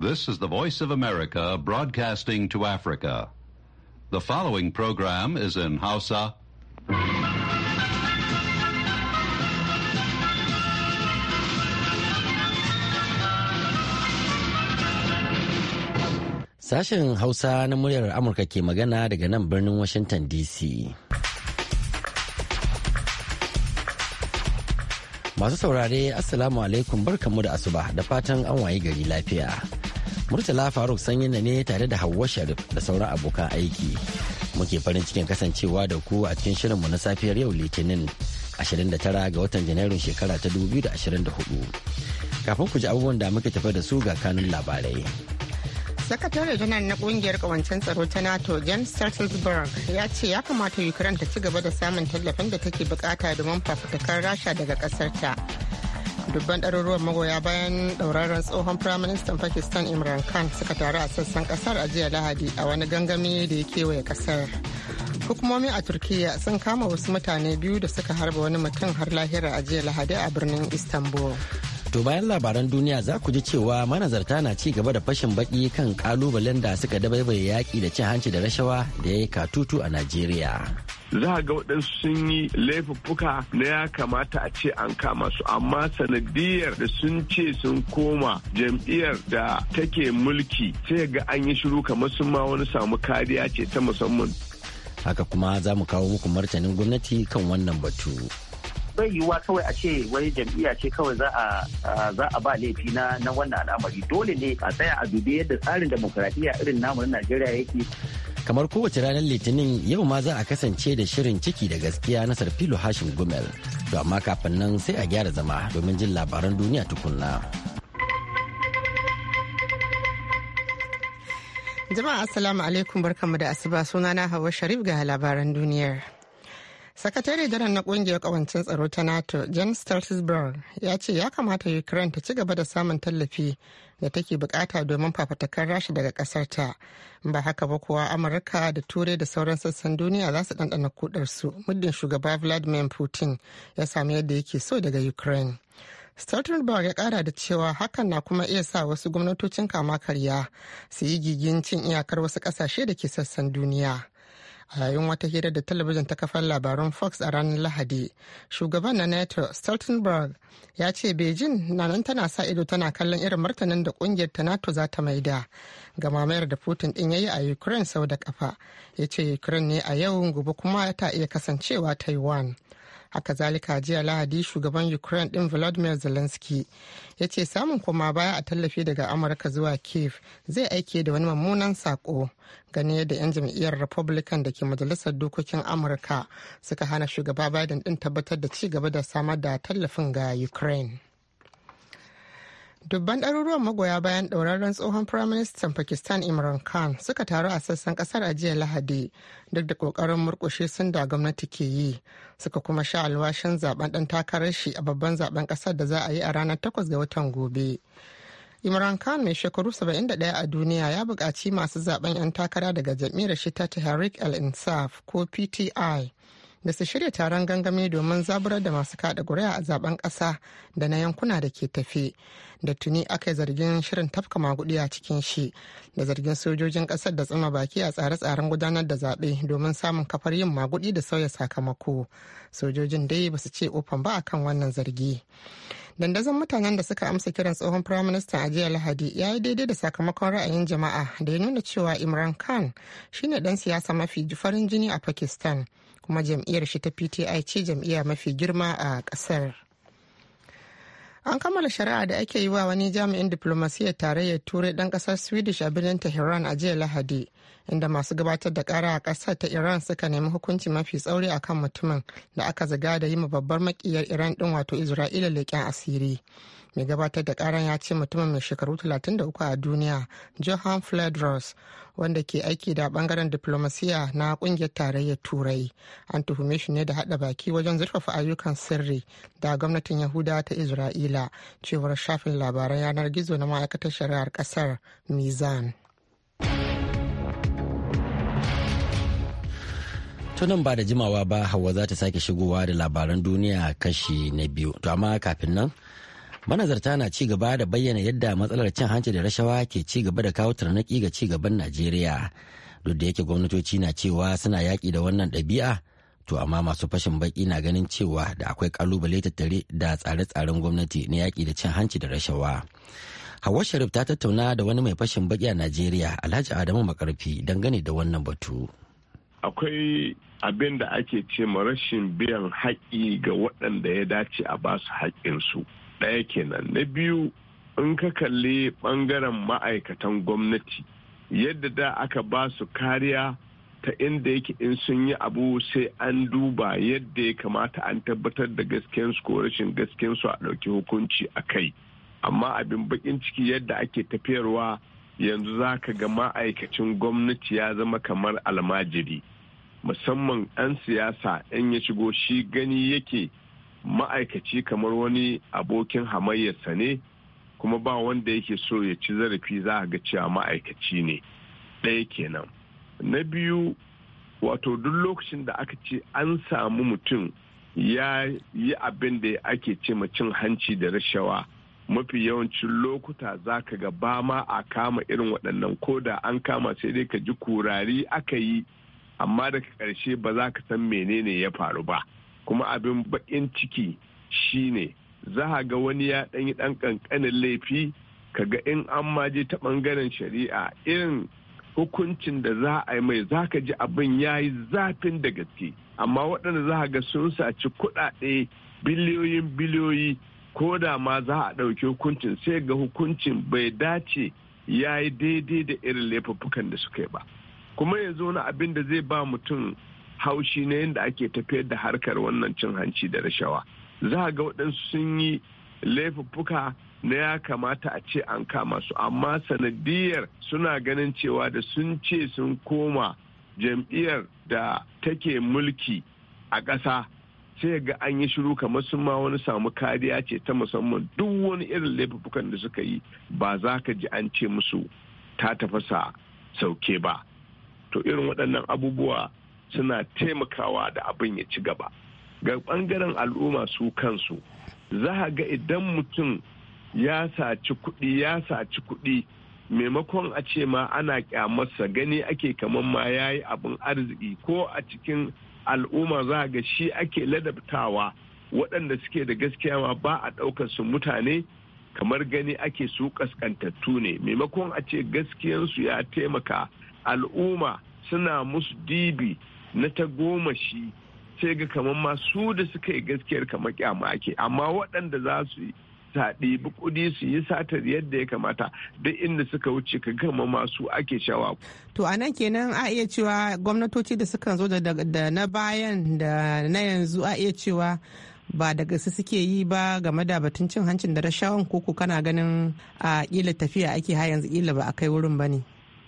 This is the Voice of America broadcasting to Africa. The following program is in Hausa. Sashen Hausa na muryar Amurka ke magana daga nan birnin Washington DC. Masu saurare, Assalamu alaikum barkamu da asuba da fatan an waye gari lafiya. Murtala Faruk sanyi na ne tare da Hauwa Sharif da sauran abokan aiki. Muke farin cikin kasancewa da ku a cikin shirinmu na safiyar yau Litinin 29 ga watan Janairun shekara ta 2024. Kafin ku ji abubuwan da muke tafi da su ga kanun labarai. sakatare janar na kungiyar kawancen tsaro ta nato james stoltenberg ya ce ya kamata ukraine ta ci gaba da samun tallafin da take bukata domin fafutukar rasha daga kasarta dubban ɗaruruwan magoya bayan ɗauraren tsohon firaministan pakistan imran khan suka taru a sassan ƙasar a jiya lahadi a wani gangami da ya kewaye ƙasar hukumomi a turkiya sun kama wasu mutane biyu da suka harba wani mutum har lahira a jiya lahadi a birnin istanbul To bayan labaran duniya za ku ji cewa manazarta na ci gaba da fashin baki kan kalubalen da suka dabaibaye yaƙi da cin hanci da rashawa da ya yi katutu a Najeriya. za ga waɗansu sun yi laifuffuka na ya kamata a ce an kama su amma sanadiyar da sun ce sun koma jam'iyyar da take mulki sai ga an yi shiru kamar sun ma wani samu kariya ce ta musamman haka kuma za mu kawo muku martanin gwamnati kan wannan batu bai yiwuwa kawai a ce wai jam'iyya ce kawai za a za a ba laifi na na wannan al'amari dole ne a tsaya a dubi yadda tsarin demokradiyya irin namu na Najeriya yake kamar kowace ranar litinin yau ma za a kasance da shirin ciki da gaskiya na sarfilo hashin gumel to amma kafin nan sai a gyara zama domin jin labaran duniya tukunna jama'a assalamu alaikum barkamu da asuba sunana hawa sharif ga labaran duniyar sakatare janar na kungiyar kawancin tsaro ta nato James stoltenberg ya ce ya kamata ukraine ta ci gaba da samun tallafi da take bukata domin fafatakar rasha daga kasar ta ba haka ba kuwa amurka da turai da sauran sassan duniya za su ɗanɗana kudarsu muddin shugaba vladimir putin ya sami yadda yake so daga ukraine stoltenberg ya kara da cewa hakan na kuma iya sa wasu gwamnatocin kama karya su yi gigin cin iyakar wasu kasashe da ke sassan duniya a yayin wata hira da talabijin ta kafar labarun fox a ranar lahadi shugaban na nato stoltenberg ya ce beijing na nan tana sa ido tana kallon irin martanin da kungiyar ta nato za ta maida ga mamayar da putin din yayi a ukraine sau da kafa ya ce ukraine ne a yau gobe kuma ta iya kasancewa taiwan haka zalika jiya lahadi shugaban ukraine din volodymyr zelensky ya ce samun koma baya a tallafi daga amurka zuwa kiev zai aike da wani mummunan sako ganin yadda 'yan jam'iyyar republican da ke majalisar dokokin amurka suka hana shugaba biden din tabbatar da ci gaba da samar da tallafin ga ukraine dubban ɗaruruwan magoya bayan ɗauraren tsohon firaministan pakistan imran khan suka taru a sassan ƙasar a jiya lahadi duk da ƙoƙarin murƙushe sun da gwamnati ke yi suka kuma sha alwashin zaɓen ɗan takarar shi a babban zaɓen ƙasar da za a yi a ranar takwas ga watan gobe imran khan mai shekaru saba'in da ɗaya a duniya ya buƙaci masu zaben 'yan takara daga jam'iyyar shi ta tehrik al-insaf ko pti da su shirya taron gangami domin zaburar da masu kada ƙuri'a a zaben ƙasa da na yankuna da ke tafi da tuni aka yi zargin shirin tafka maguɗi a cikin shi da zargin sojojin ƙasar da tsuma baki a tsare-tsaren gudanar da zaɓe domin samun kafar yin maguɗi da sauya sakamako sojojin dai ba su ce ofan ba akan wannan zargi dandazon mutanen da suka amsa kiran tsohon firaministan a jiya lahadi ya yi daidai da sakamakon ra'ayin jama'a da ya nuna cewa imran khan shine dan siyasa mafi farin jini a pakistan kuma jam'iyyar shi ta pti ce jam'iyya mafi girma a kasar an kammala shari'a da ake yi wa wani jami'in diplomasiyyar tarayyar turai dan kasar swedish a birnin tehran a jiya lahadi inda masu gabatar da kara a kasar ta iran suka nemi hukunci mafi tsauri akan mutumin da aka zaga da yi babbar makiyar iran din wato isra'ila leƙen asiri mai gabatar da karan ya ce mutumin mai shekaru 33 a duniya johan fledros wanda ke aiki da bangaren diplomasiya na kungiyar tarayyar turai an tuhume shi ne da hada baki wajen zurfafa ayyukan sirri da gwamnatin yahuda ta isra'ila cewar shafin labaran yanar gizo na ma'aikatar shari'ar kasar mizan tunan ba da jimawa ba hawa za ta sake shigowa da labaran duniya kashi na biyu to amma kafin nan manazarta na ci gaba da bayyana yadda matsalar cin hanci da rashawa ke ci gaba da kawo tarnaki ga ci gaban najeriya duk da yake gwamnatoci na cewa suna yaƙi da wannan ɗabi'a to amma masu fashin baƙi na ganin cewa da akwai kalubale tattare da tsare-tsaren gwamnati na yaƙi da cin hanci da rashawa hawa sharif ta tattauna da wani mai fashin baki a najeriya alhaji adamu makarfi dangane da wannan batu akwai abin da ake ce ma rashin biyan haƙƙi ga waɗanda ya dace a basu haƙƙinsu ɗaya kenan na biyu in ka kalli ɓangaren ma'aikatan gwamnati yadda da aka ba su kariya ta inda yake in sun yi abu sai an duba yadda ya kamata an tabbatar da gaskiyansu ko rashin gaskiyansu a ɗauki hukunci a kai amma abin bakin ciki yadda ake tafiyarwa yanzu za ka ga ma'aikacin gwamnati ya zama kamar almajiri musamman 'yan siyasa in ya shigo shi gani yake ma'aikaci kamar wani abokin hamayyarsa ne kuma ba wanda yake so ya ci zarafi za a ga cewa ma'aikaci ne ɗaya kenan na biyu wato duk lokacin da aka ce an samu mutum ya yi abin da ake ce ma cin hanci da rashawa mafi yawancin lokuta za ka ga ba ma a kama irin waɗannan koda an kama sai dai ka ji kurari aka yi amma daga ƙarshe ba za ka san menene ya faru ba. kuma abin bakin ciki shine za a ga wani ya ɗanyi ɗan ƙanƙanin laifi ka ga in an maje ta ɓangaren shari'a irin hukuncin da za a yi mai za ka ji abin ya yi zafin da gaske amma waɗanda za a ga sun saci kuɗaɗe biliyoyin biliyoyi ko da ma za a ɗauki hukuncin sai ga hukuncin bai dace ya yi daidai da irin laifuffukan da suka yi ba kuma yanzu wani abin da zai ba mutum haushi na yadda ake tafiyar da harkar wannan cin hanci da rashawa za a ga waɗansu sun yi laifuffuka na ya kamata a ce an kama su amma sanadiyar suna ganin cewa da sun ce sun koma jam'iyyar da take mulki a ƙasa sai ga an yi shiru kamar sun ma wani samu kariya ce ta musamman duk wani irin laifuffukan da suka yi ba za ka ji an ce musu ta tafasa sauke ba to irin waɗannan abubuwa suna taimakawa da abin ya ci gaba ga bangaren al'umma su kansu za a ga idan mutum ya saci kuɗi ya saci kuɗi maimakon a ce ma ana kyamarsa gani ake kamar ma ya yi abin arziki ko a cikin al'umma za a ga shi ake ladabtawa waɗanda suke da gaskiya ma ba a ɗaukar su mutane kamar gani ake su ƙasƙantattu ne maimakon a ce gaskiyansu ya taimaka al'umma suna musu dibi na ta goma shi sai ga kamar masu da suka yi gaskiyar kamar kyama ake amma waɗanda za su yi saɗi bukudi su yi satar yadda ya kamata duk inda suka wuce ka gama masu ake shawa. To a nan kenan a iya cewa gwamnatoci da suka zo da na bayan da na yanzu a iya cewa ba da su suke yi ba game da batun cin hancin da rashawan koko kana ganin a ƙila tafiya ake ha yanzu ƙila ba a kai wurin ba ne.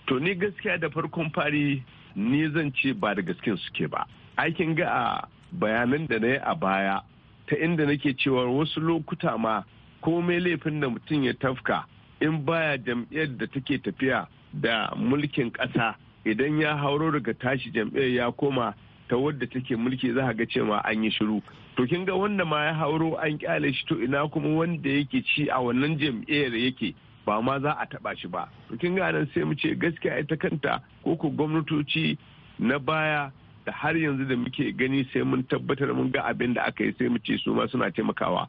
To ni gaskiya da farkon fari ni zan ce ba da gaske suke ba aikin ga a bayanan da na yi a baya ta inda nake cewa wasu lokuta ma komai laifin da mutum ya tafka in baya jam'iyyar da take tafiya da mulkin ƙasa idan ya hauro daga tashi jam'iyyar ya koma ta wadda take mulki za ga cewa an yi shiru to kin ga wanda ma ya hauro an kyale shi to ina kuma wanda yake ci a wannan jam'iyyar yake ba ma za a taba shi ba kin ga sai mu ce gaskiya ita kanta ko ku gwamnatoci na baya da har yanzu da muke gani sai mun tabbatar mun ga abin da aka yi sai mu ce su ma suna taimakawa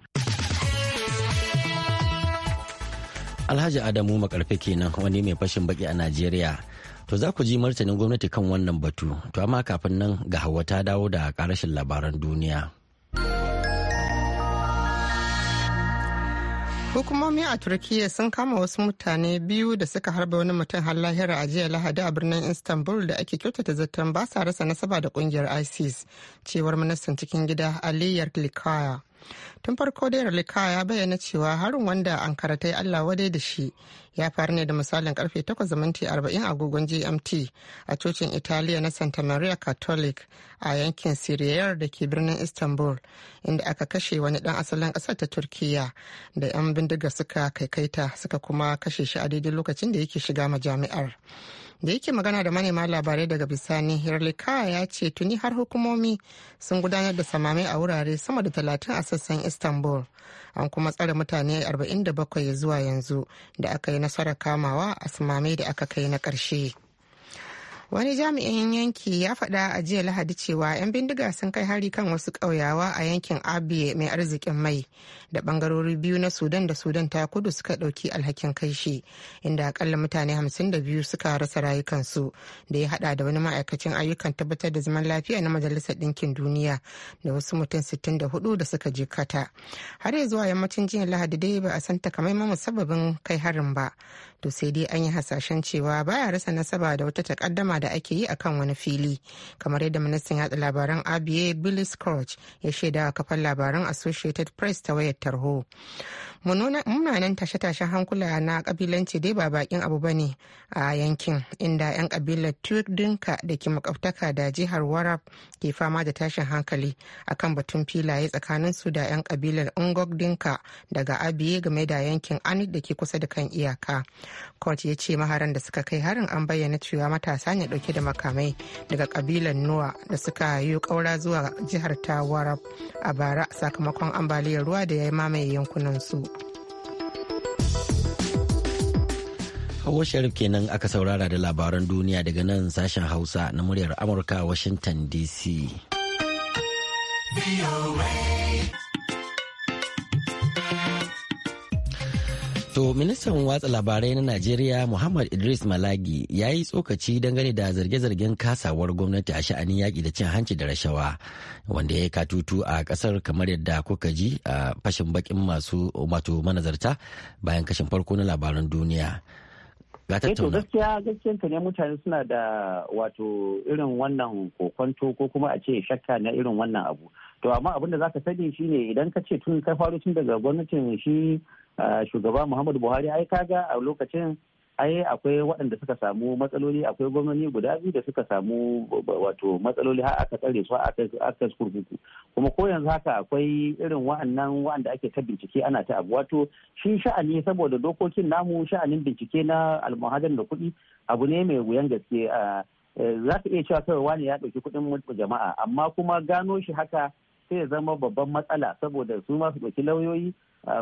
Alhaji Adamu makarfe kenan wani mai fashin baki a Najeriya to za ku ji martanin gwamnati kan wannan batu to amma kafin nan ga hawa ta dawo da karashin labaran duniya. Hukumomi a Turkiyya sun kama wasu mutane biyu da suka harba wani mutum har lahira a jiya Lahadi a birnin Istanbul da ake kyautata zaton ba sa rasa nasaba da kungiyar ISIS, cewar ministan cikin gida Ali likaya tun farko dai ralika ya bayyana cewa harin wanda ankara karatai allah wadai da shi ya faru ne da misalin karfe 8:40 agogon gmt a cocin italiya na santa maria catholic a yankin siriyar da ke birnin istanbul inda aka kashe wani dan asalin kasar ta turkiya da 'yan bindiga suka kaikaita suka kuma kashe shi a daidai lokacin da yake shiga majami'ar. jami'ar da yake magana da manema labarai daga bisani hirlika ya ce tuni har hukumomi sun gudanar da samame a wurare sama da talatin a sassan istanbul an kuma tsare mutane 47 zuwa yanzu da aka yi nasarar kamawa a samame da aka kai na ƙarshe. wani jami'in yanki ya faɗa a jiya lahadi cewa 'yan bindiga sun kai hari kan wasu ƙauyawa a yankin abiye mai arzikin mai da ɓangarori biyu na sudan da sudan ta kudu suka ɗauki alhakin kai shi inda akalla mutane 52 suka rasa rayukansu da ya haɗa da wani ma'aikacin ayyukan tabbatar da zaman lafiya na majalisar ɗinkin duniya da wasu mutum 64 da suka jikata har ya zuwa yammacin jiya lahadi dai ba a san takamaiman musabbabin kai harin ba to sai dai an yi hasashen cewa baya rasa nasaba da wata takaddama da ake yi akan wani fili kamar yadda ministan yatsa labaran abiye billy scrooge ya shaida a kafar labaran associated press ta wayar tarho munanan tashe-tashen hankula na kabilanci dai ba bakin abu ba ne a yankin inda 'yan kabilar tudinka da ke makwabtaka da jihar warab ke fama da tashin hankali akan batun filaye tsakanin su da 'yan kabilar ungog dinka daga abiye game da yankin anid da ke kusa da kan iyaka court ya ce maharan da suka kai harin an bayyana cewa matasa ne ne dauke da makamai daga kabilan nuwa da suka yi kaura zuwa jihar tawara a bara sakamakon ambaliyar ruwa da ya mamaye yankunan su hawa sharif kenan aka saurara da labaran duniya daga nan sashen hausa na muryar amurka washington dc To ministan watsa labarai na Najeriya Muhammad Idris Malagi ya yi tsokaci dangane da zarge-zargen kasawar gwamnati a sha'anin yaƙi da cin hanci da rashawa wanda ya yi katutu a ƙasar kamar yadda kuka ji a fashin bakin masu mato manazarta bayan kashin farko na labaran duniya. Ga eh, tattauna. gaskiya gaskiyanta ne mutane suna da wato irin wannan kokonto ko kuma a ce shakka na irin wannan abu. To amma abin da ka sani shine idan ka ce tun ka faro tun daga gwamnatin shi shugaba muhammadu buhari ai kaga a lokacin ai akwai waɗanda suka samu matsaloli akwai gwamnati guda biyu da suka samu wato matsaloli har aka tsare su aka kurkuku kuma ko yanzu haka akwai irin wa'annan wa'anda ake ta bincike ana ta abu wato shi sha'ani saboda dokokin namu sha'anin bincike na almuhadar da kuɗi abu ne mai wuyan gaske eh, za ka iya cewa kawai wani ya ɗauki kuɗin jama'a amma kuma gano shi haka sai ya zama babban matsala saboda su ma su ɗauki lauyoyi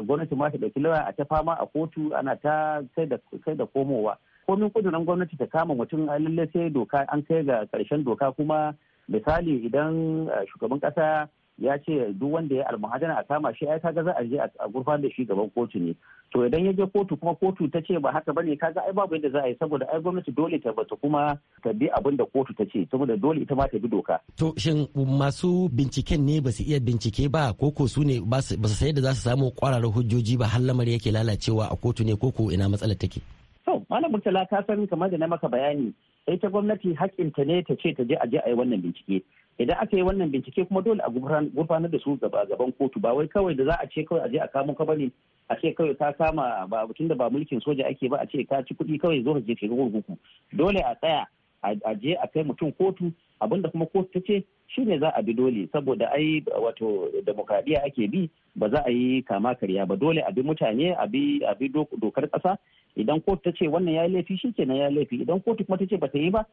gwamnati ma su ɗauki lauya a ta fama a kotu ana ta kai da komowa komin kudurin gwamnati ta kama mutum lallai sai doka an kai ga ƙarshen doka kuma misali idan shugaban ƙasa ya ce duk wanda ya almuhadana a kama shi ai kaga za a je a gurfan da shi gaban kotu ne to idan ya je kotu kuma kotu ta ce ba haka bane kaga ai babu yadda za a yi saboda ai gwamnati dole ta bata kuma ta bi abin da kotu ta ce saboda dole ita ma ta bi doka to shin masu binciken ne ba su iya bincike ba ko ko su ne ba su sai da za su samu kwararar hujjoji ba har lamari yake lalacewa a kotu ne ko ko ina matsalar take to malam murtala ta san kamar da na maka bayani ita gwamnati hakkinta ne ta ce ta je a je a yi wannan bincike idan aka yi wannan bincike kuma dole a gurfanar da su gaba gaban kotu ba wai kawai da za a ce kawai a je a kamo ka bane a ce kawai ka kama ba tun da ba mulkin soja ake ba a ce ka ci kuɗi kawai zo ka je ke gurguku dole a tsaya a je a kai mutum kotu abin da kuma kotu ta ce shi ne za a bi dole saboda ai wato demokradiyya ake bi ba za a yi kama karya ba dole a bi mutane a bi dokar kasa idan kotu ta ce wannan ya yi laifi shikenan ya laifi idan kotu kuma ta ce ba ta yi ba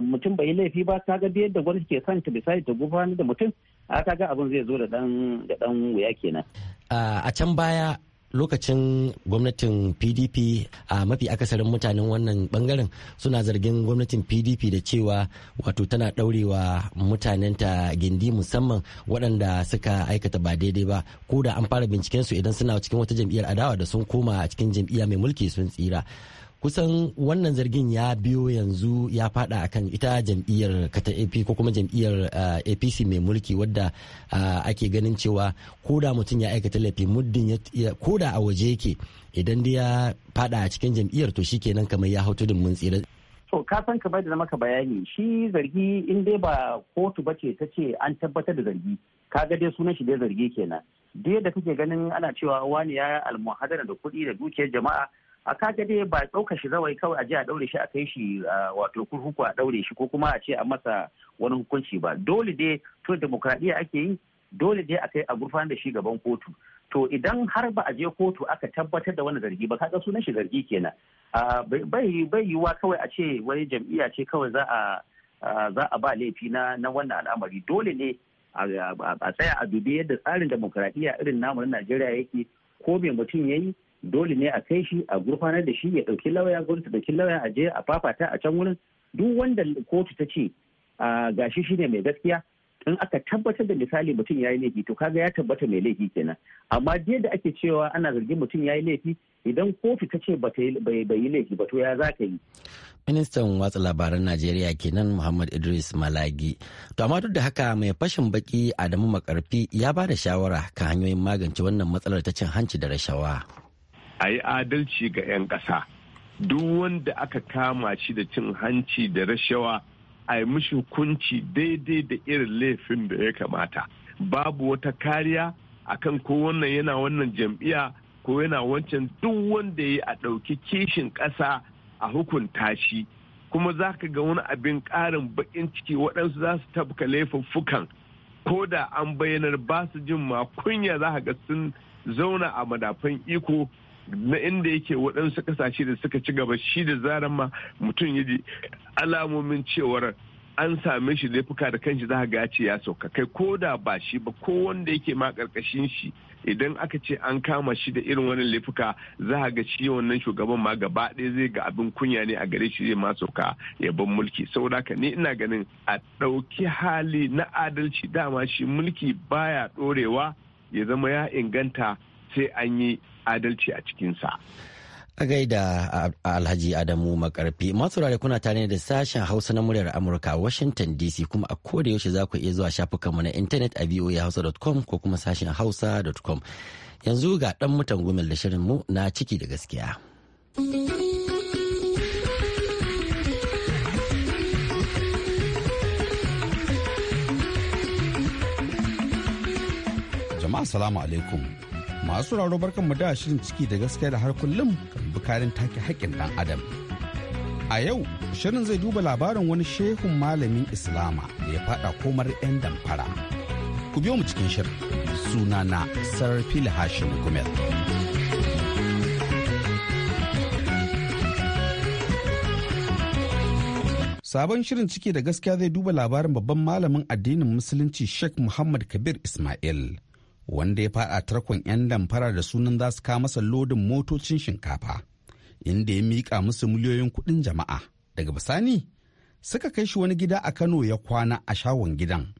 mutum bai yi laifi ba ga biyar da gwamnati ke son ta bisani ta gudanar da mutum a ga abin zai zo da dan da dan wuya kenan a can baya lokacin gwamnatin pdp a mafi akasarin mutanen wannan bangaren suna zargin gwamnatin pdp da cewa wato tana daurewa mutanenta gindi musamman waɗanda suka aikata ba daidai ba ko da an fara bincikensu idan suna cikin wata jam'iyyar adawa da sun koma a cikin jam'iyya mai mulki sun tsira kusan wannan zargin ya biyo yanzu ya fada akan ita jam'iyyar kata AP ko kuma jam'iyyar eh, APC mai mulki wadda eh, ake ganin cewa koda mutum ya aikata laifi muddin koda a waje yake idan dai ya fada a cikin jam'iyyar to shikenan kamar ya hau tudun mun tsira to ka san kamar da maka bayani shi zargi in dai ba kotu ba ce ta ce an tabbatar da zargi kaga dai sunan shi dai zargi kenan dai da kake ganin ana cewa wani ya almuhadara da kuɗi da dukiyar jama'a a kaga dai ba ɗauka shi zawai kawai a je a ɗaure shi a kai shi wato kurkuku a ɗaure shi ko kuma a ce a masa wani hukunci ba dole dai to demokradiyya ake yi dole dai a kai a gurfan da shi gaban kotu to idan har ba a je kotu aka tabbatar da wani zargi ba kaga sunan shi zargi kenan bai bai yiwa kawai a ce wani jam'iyya ce kawai za a za a ba laifi na na wannan al'amari dole ne a tsaya a dubi yadda tsarin demokradiyya irin namu na Najeriya yake ko me mutum yayi dole ne a kai shi a gurfanar da shi ya ɗauki lauya gwamnati ɗauki lauya a je a fafata a can wurin duk wanda kotu ta ce gashi shi ne mai gaskiya in aka tabbatar da misali mutum ya yi laifi to kaga ya tabbata mai laifi kenan amma dai da ake cewa ana zargin mutum ya yi laifi idan kotu ta ce bai yi laifi ba to ya za ka yi ministan watsa labaran najeriya kenan muhammad idris malagi to amma duk da haka mai fashin baki adamu makarfi ya ba da shawara kan hanyoyin magance wannan matsalar ta cin hanci da rashawa a yi adalci ga 'yan ƙasa duk wanda aka kama shi da cin hanci da rashawa a yi mishi hukunci daidai da irin laifin da ya kamata babu wata kariya akan ko wannan yana wannan jam'iyya ko yana wancan duk wanda ya a ɗauki kishin ƙasa a hukunta shi kuma za ka ga wani abin ƙarin baƙin ciki waɗansu za su tabka laifuffukan ko da an bayyanar ba su jin ma kunya za ka ga sun zauna a madafan iko na inda yake waɗansu kasashe da suka ci gaba shi da zaran ma mutum ya ji alamomin cewar an same shi laifuka da kanshi za ga ce ya sauka kai ko da ba shi ba ko wanda yake ma karkashin shi idan aka ce an kama shi da irin wani laifuka za ga shi wannan shugaban ma gaba ɗaya zai ga abin kunya ne a gare shi zai ma sauka ya ban mulki saboda ka ni ina ganin a ɗauki hali na adalci dama shi mulki baya ɗorewa ya zama ya inganta sai an yi adalci a cikinsa. A gaida Alhaji Adamu Makarfi, masu rare kuna tare da sashen Hausa na muryar Amurka Washington DC kuma a koda yaushe za ku iya zuwa shafukanmu na intanet a voahausa.com ko kuma sashen hausa.com. Yanzu ga ɗan mutan gumel da shirinmu na ciki da gaskiya. Jama'a salamu alaikum. masu raro barkan mu da shirin ciki da gaskiya da har kullum kan bukarin take haƙƙin ɗan adam a yau shirin zai duba labarin wani shehun malamin islama da ya fada komar 'yan damfara ku biyo mu cikin shirin na sarfil hashim gumel Sabon shirin ciki da gaskiya zai duba labarin babban malamin addinin Musulunci Sheikh Muhammad Kabir Ismail wanda ya fada tarkon 'yan damfara da sunan za su ka masa lodin motocin shinkafa inda ya miƙa musu miliyoyin kuɗin jama'a daga bisani suka kai shi wani gida a kano ya kwana a shawon gidan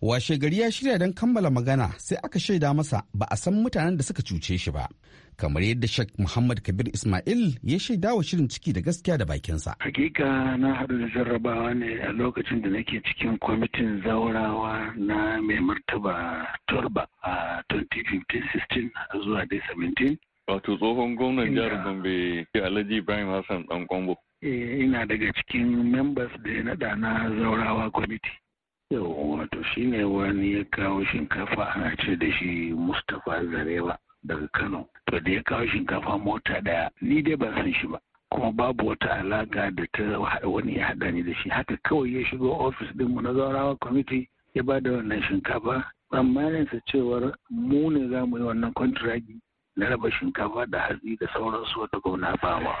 washe gari ya shirya don kammala magana sai aka shaida masa ba a san mutanen da suka cuce shi ba kamar yadda Sheikh Muhammad Kabir Ismail ya shaida wa shirin ciki da gaskiya da bakinsa. Hakika na hadu da jarrabawa ne a lokacin da nake cikin kwamitin zaurawa na mai martaba Turba a 2015-16 zuwa dai Wato tsohon gwamnan jihar Gombe Alhaji Ibrahim Hassan Dan Kwambo. Eh, ina daga cikin members da ya naɗa na zaurawa kwamiti. Yau wato shine wani ya kawo shinkafa ana ce da shi Mustapha Zarewa. daga Kano. To da ya kawo shinkafa mota ɗaya ni dai ban san shi ba. Kuma babu wata alaka da ta wani ya haɗa ni da shi. Haka kawai ya shigo ofis ɗinmu na Zaurawa kwamiti ya ba da wannan shinkafa. sa cewar mu ne za mu yi wannan kwantiragi na raba shinkafa da hatsi da sauransu wata gwamna bawa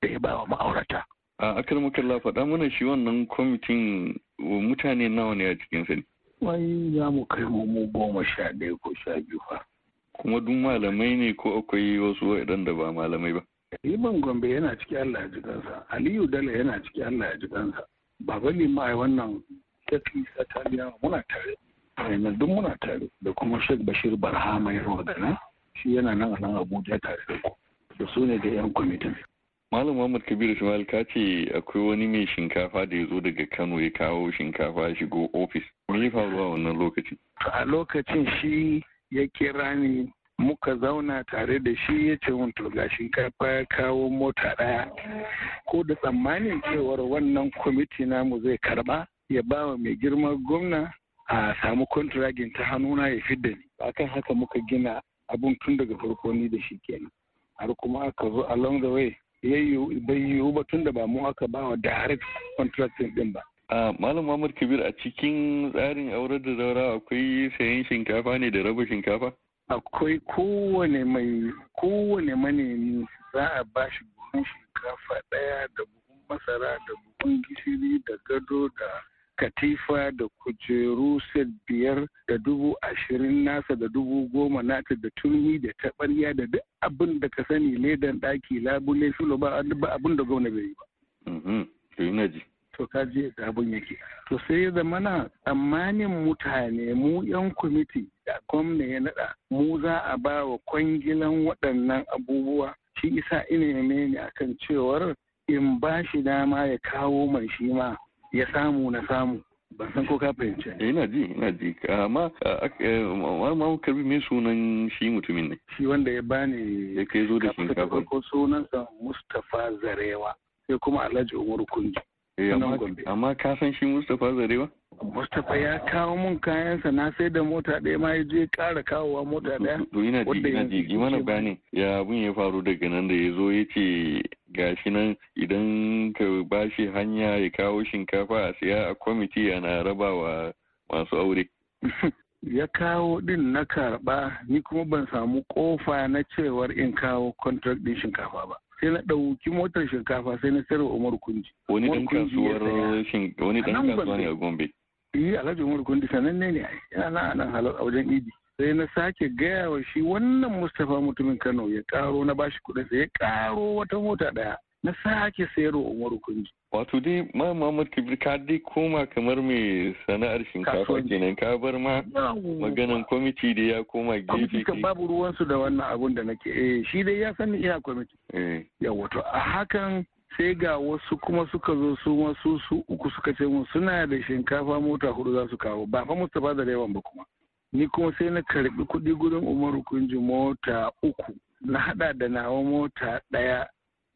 da ya bawa ma'aurata. A akar makalla faɗa mana shi wannan kwamitin mutane nawa ne a cikin sani. Wai za mu kai mu goma sha ɗaya ko sha biyu fa. kuma duk malamai ne ko akwai wasu da ba malamai ba Liman Gombe yana ciki Allah ya ji kansa, Aliyu Dala yana ciki Allah ya ji kansa. Baba Lima ai wannan tafi sataniya muna tare. duk muna tare da kuma Sheikh Bashir Barhama ya na shi yana nan a nan Abuja tare da ku. Da su ne da 'yan kwamitin. Malam Muhammad Kabir Shimal ka ce akwai wani mai shinkafa da ya zo daga Kano ya kawo shinkafa ya shigo ofis. Wani faruwa wannan lokacin? A lokacin shi ya kira ni muka zauna tare da shi ya ce to kafa ya kawo mota ɗaya ko da tsammanin cewar wannan kwamiti namu zai karba ya ba wa mai girma gwamna a samu kontragin ta hannuna ya fidda ni akan haka muka gina abun tun daga farko ni da shi kenan har kuma aka zo along the way bai yiwu ba tun da ba mu aka ba wa direct contracting din ba Malam Mamar Kabir a cikin tsarin aurar da zaura akwai sayan shinkafa ne da raba shinkafa? Akwai kowane mai kowane manemi za a ba shi buhun shinkafa ɗaya da buhun masara da buhun gishiri da gado da katifa da kujeru sai biyar da dubu ashirin nasa da dubu goma nata da turmi da taɓarya da duk abin da ka sani ledan daki, labule filo ba abin da gwamnati. bai yi ba. Mhm, to ka je da abin yake to sai ya zamana tsammanin mutane mu yan kwamiti da gwamna ya naɗa mu za a ba wa kwangilan waɗannan abubuwa shi isa ina yame ne akan cewar in ba shi dama ya kawo mai shi ma ya samu na samu ban san ko ka fahimci eh, ina ji ina ji amma ma karbi me sunan shi mutumin ne shi wanda ya bani ya kai zo da shinkafa ko sunansa Mustapha Zarewa sai kuma Alhaji Umar Kunji Eh, amma ka san shi mustapha zarewa mustapha ya kawo mun kayansa na sai da mota ɗaya ma je ƙara kawowa mota ɗaya to ina ji ina ji mana bayani ya abin ya faru daga nan da ya zo ya ce gashi nan idan ka bashi hanya ya kawo shinkafa a siya a kwamiti ana rabawa masu aure ya kawo ɗin na karɓa ni kuma ban samu kofa na cewar in kawo contract din shinkafa ba sai na ɗauki motar shinkafa sai na wa Umar Kunji. Wani ɗan kasuwar wani ɗan kasuwa ne a Gombe. Yi eh, Alhaji Umar Kunji sananne ne yana nan halar a wajen Idi. Sai na sake gaya wa shi wannan Mustapha mutumin Kano ya ƙaro na bashi kuɗin sai ya ƙaro wata mota ɗaya. Na sake sayarwa Umar Kunji. wato dai ma Muhammad Kibir ka dai koma kamar mai sana'ar shinkafa kenan ka bar ma maganan kwamiti da ya koma gefe ke babu ruwansu da wannan abun da nake eh shi dai ya sani ina kwamiti eh. ya wato a hakan sai ga wasu kuma suka zo su wasu su uku suka ce mun suna da shinkafa mota hudu za su kawo ba fa Mustapha da yawan ba kuma ni kuma sai na karbi kuɗi gurin Umaru Kunji mota uku na hada da nawa mota daya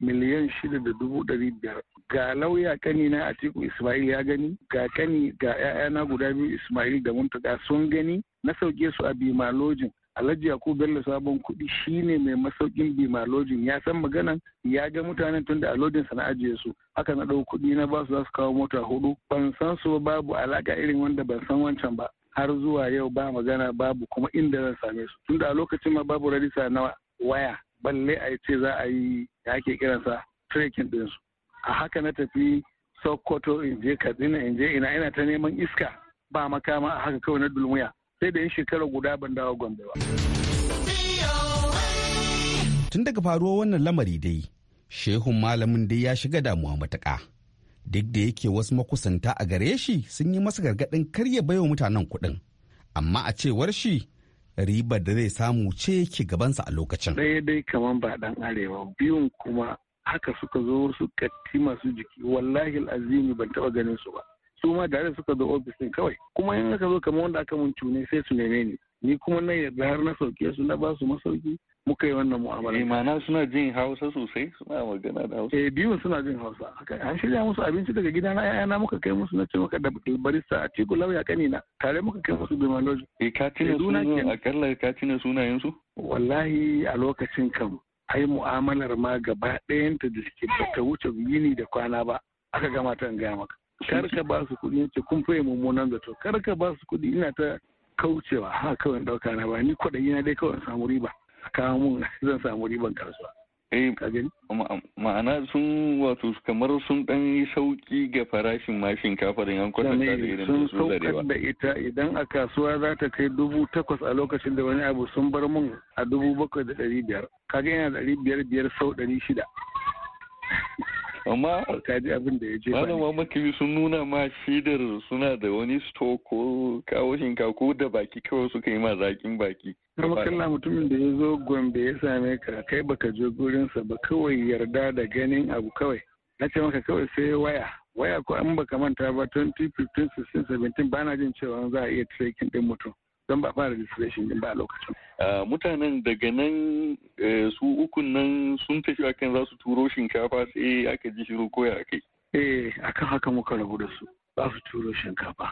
miliyan shida da dubu ɗari biyar ga lauya kani na Atiku Ismail ya gani ga kani ga 'ya'yana guda biyu Ismail da Muntaka sun gani na sauke su a Bima lojin Alhaji Yakubu Bello sabon kuɗi shine mai masaukin Bima lojin ya san maganan ya ga mutanen tun da alodin sana ajiye su haka na ɗau kuɗi na ba su za su kawo mota hudu ban san su babu alaka irin wanda ban san wancan ba har zuwa yau ba magana babu kuma inda zan same su tunda a lokacin ma babu rarisa na waya balle a ce za a yi da ake kiransa trekking ɗinsu a haka na tafi sokoto in je katsina in je ina ina ta neman iska ba makama a haka kawai na dulmuya sai da yin shekara guda ban dawo gombe ba. tun daga faruwa wannan lamari dai shehun malamin dai ya shiga damuwa matuƙa duk da yake wasu makusanta a gare shi sun yi masa gargaɗin karya baiwa mutanen kuɗin amma a cewar shi ribar da zai samu ce ke gabansa a lokacin. Ɗaya dai kamar ba ɗan arewa biyun kuma haka suka zo su katti masu jiki wallahi azimi ban taba ganin su ba su ma da suka zo office din kawai kuma in aka zo kamar wanda aka mun cune sai su neme ni ni kuma na yarda har na sauke su na ba su masauki muka yi wannan mu'amala. Imana eh, suna jin Hausa sosai suna magana da Hausa. Eh biyun suna jin Hausa. An shirya musu abinci daga gida na ƴaƴana muka kai musu na ce maka da barista a Tiku Lauya kanina tare muka kai musu bimanoji. Eh ka tina sunan akalla ka tina sunayen su? Wallahi a lokacin kam ai mu'amalar ma gaba ɗayanta da suke ta wuce gini da kwana ba aka gama ta gaya maka Karka ka ba su kuɗi ce kun fiye mummunan zato kar ka ba su kuɗi ina ta kaucewa ha kawai ɗauka na ba ni kwaɗayi na dai kawai samu riba a kawo mun zan samu riban kasuwa Eh, ma'ana sun wato kamar sun dan yi sauki ga farashin ma shinkafar yan kwatanta da irin sun saukar da ita idan a kasuwa za ta kai dubu takwas a lokacin da wani abu sun bar mun a dubu bakwai da dari biyar kaga yana dari biyar biyar sau dari shida amma ji abin da ya je ma makiri sun nuna ma shidar suna da wani sto ko kawo shinka ko da baki kawai suka yi ma zakin baki kuma kalla mutumin da ya zo gombe ya same ka kai baka je gurinsa ba kawai yarda da ganin abu kawai na ce maka kawai sai waya waya ko an baka manta ba 2015 16 17 bana jin cewa za a iya tracking din mutum don ba fara registration din ba lokacin. mutanen daga nan e, su ukun nan sun tafi akan za su turo shinkafa sai aka ji shiru koya a kai. eh akan haka muka rabu da su za su turo shinkafa.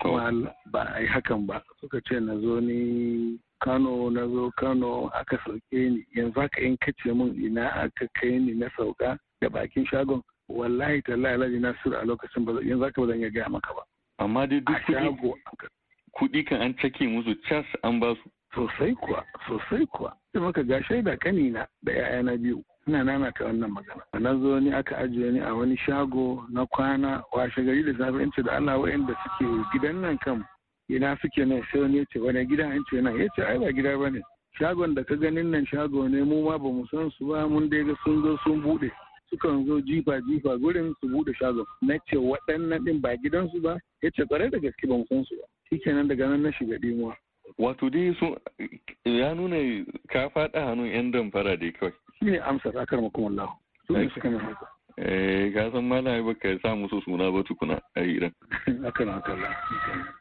kuma oh. ba a yi hakan ba suka ce na zo ni kano na zo kano aka sauke ni yanzu haka in kace min ina aka kai ni na sauka da bakin shagon wallahi tallahi na nasiru a lokacin yanzu haka ba zan iya gaya maka ba amma dai duk kuɗi kuɗi kan an cake musu cas an ba su sosai kuwa sosai kuwa sai maka ga shaida kanina da 'ya'yana biyu ina nana ta wannan magana na zo ni aka ajiye ni a wani shago na kwana washe gari da safe in ce da Allah wa'anda suke gidan nan kan ina suke nan sai wani yace wani gida in ce nan yace ai ba gida bane shagon da ka ganin nan shago ne mu ma bamu san su ba mun dai ga sun zo sun bude sukan zo jifa jifa gurin su bude shagon na ce waɗannan ɗin ba gidansu ba ya ce kwarai da gaske ban san su ba kenan daga nan na shiga dimuwa wato dai sun ya nuna ka faɗa hannun yan damfara dai kawai ne amsar akar makumallahu su ne suka min haka Eh, ka san mala ba ka sa musu suna ba tukuna a iran. Akan akan.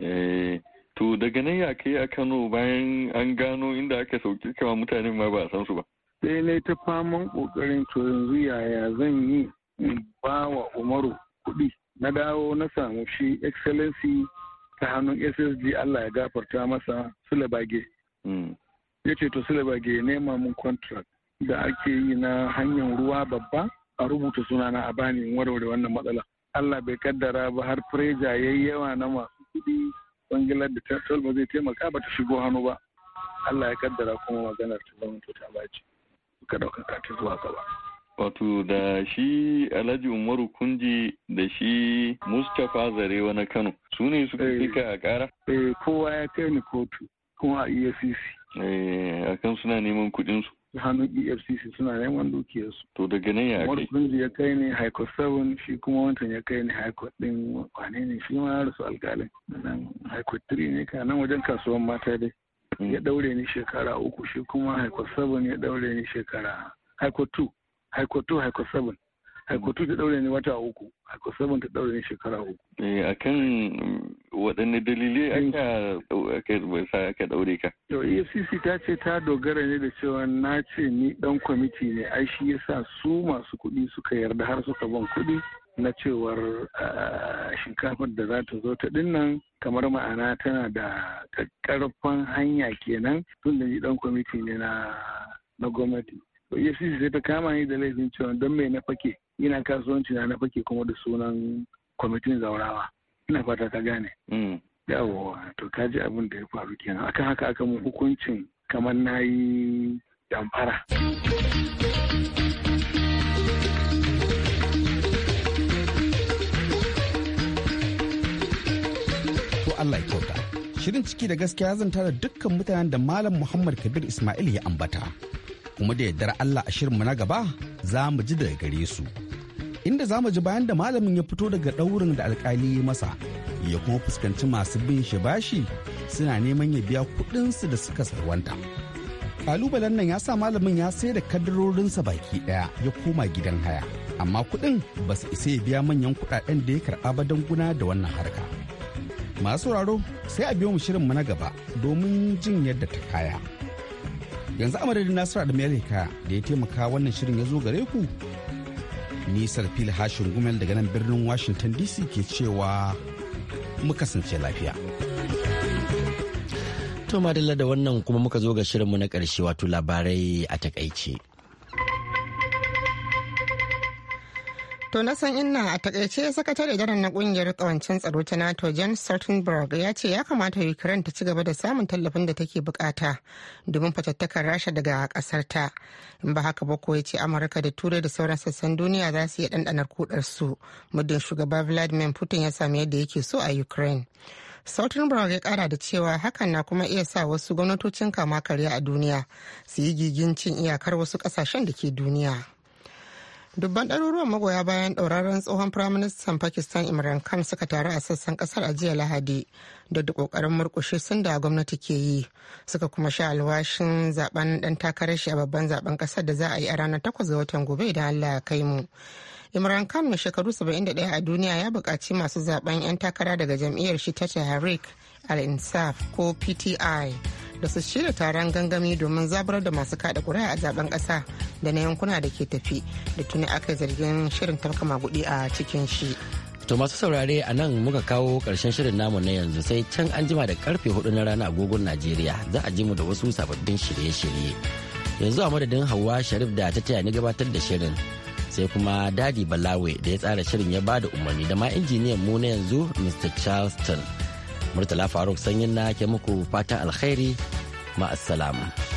Eh, to daga nan ya kai a Kano bayan an gano inda aka sauke kama mutanen ma ba a san su ba. sai na ta faman ƙoƙarin to yanzu yaya zan yi in ba wa umaru kuɗi na dawo na samu shi excellency ta hannun ssg allah ya gafarta masa sulabage hmm. ya ce to sulabage ya nema mun contract da ake yi na hanyar ruwa babba a rubuta sunana a bani warware wannan matsala allah bai kaddara ba har preja ya yi yawa na masu kuɗi bangilar da ta ba zai taimaka ba ta shigo hannu ba allah ya kaddara kuma maganar ta zama ta bace. ka ɗaukaka kati zuwa gaba. Wato da shi Alhaji Umaru Kunji da shi Mustapha Zarewa na Kano su ne suka kika eh. a ƙara? Eh kowa ya kai ni kotu kuma a EFCC. Eh akan suna neman kuɗinsu. su. Hannun EFCC suna neman dukiyarsu. To daga nan ya kai? Umaru Kunji ya kai ni High Court 7 shi kuma wancan ya kai ni High Court ɗin wane ne shi ma ya rasu alƙalin. Nan High Court 3 ne ka nan wajen kasuwan mata dai. Mm. ya daure ni shekara uku shi kuma haiko 7 ya daure ni shekara haiko 2 haiko 2 haiko 7 haiko 2 ta daure ni wata uku haiko 7 ta daure ni shekara uku eh akan waɗanne dalilai mm. aka aka sa aka daure ka to EFCC ta ce ta dogara ne da cewa na ce ni dan kwamiti ne ai shi yasa su masu kuɗi suka yarda har suka ban kuɗi na cewar shinkafar da za ta zo ta dinnan kamar ma'ana tana da karfan hanya kenan tun da ni dan kwamiti ne na gwamnati. gwamnati to shi e sai ta kama ni da laifin cewa don me na fake ina kasuwanci na fake kuma da sunan kwamitin zaurawa ina fata ta gane mm. yawwa to ka ji abin da ya faru kenan akan haka aka hukuncin kamar na yi damfara Allah ya kyauta. Shirin ciki da gaskiya zan tara dukkan mutanen da Malam Muhammad Kabir Ismail ya ambata. Kuma da yardar Allah a shirinmu na gaba za mu ji daga gare su. Inda za mu ji bayan da malamin ya fito daga ɗaurin da alkali ya masa ya kuma fuskanci masu bin shi bashi suna neman ya biya kuɗinsu da suka sarwanta. kalubalen nan ya sa malamin ya sai da kadarorinsa baki ɗaya ya koma gidan haya amma kuɗin ba su isa ya biya manyan kuɗaɗen da ya karɓa ba don guna da wannan harka Masu raro sai a biyo mu shirinmu na gaba domin jin yadda ta kaya. Yanzu amadadin Nasiru Amerika da ya taimaka wannan shirin ya zo gare ku. Nisar fil hashin gumel daga nan birnin Washington DC ke cewa muka kasance lafiya. To madalla da wannan kuma muka zo ga shirin mu na karshe wato labarai a takaice. To na san inna a takaice sakatare daren na kungiyar kawancin tsaro ta NATO John Stoltenberg ya ce ya kamata Ukraine ta ci gaba da samun tallafin da take bukata domin fatattakar Rasha daga kasar ta. In ba haka ba ko ya ce Amurka da Turai da sauran sassan duniya za su yi ɗanɗanar kudar su muddin shugaba Vladimir Putin ya sami yadda yake so a Ukraine. Stoltenberg ya kara da cewa hakan na kuma iya sa wasu gwamnatocin kama karya a duniya su yi gigin cin iyakar wasu kasashen da ke duniya. dubban ɗaruruwan magoya bayan ɗauraren tsohon firaministan pakistan imran khan suka taru a sassan ƙasar a jiya lahadi da duk ƙoƙarin murƙushe sun da gwamnati ke yi suka kuma sha alwashin zaben ɗan takarar shi a babban zaben ƙasar da za a yi a ranar takwas ga watan gobe idan allah ya kai mu imran khan mai shekaru 71 a duniya ya buƙaci masu zaben 'yan takara daga jam'iyyar shi ta tahrik al-insaf ko pti da su shirya taron gangami domin zabar da masu kada kuri'a a zaben kasa da na yankuna da ke tafi da tuni aka zargin shirin tarka magudi a cikin shi. To masu saurare a nan muka kawo karshen shirin namu na yanzu sai can an jima da karfe hudu na rana agogon Najeriya za a ji mu da wasu sababbin shirye-shirye. Yanzu a madadin Hauwa Sharif da ta taya ni gabatar da shirin sai kuma Dadi Balawe da ya tsara shirin ya ba da umarni da ma injiniyan mu na yanzu Mr. Charleston. Murtala Faruk sanyin na ke muku fatan alkhairi ma'assalam.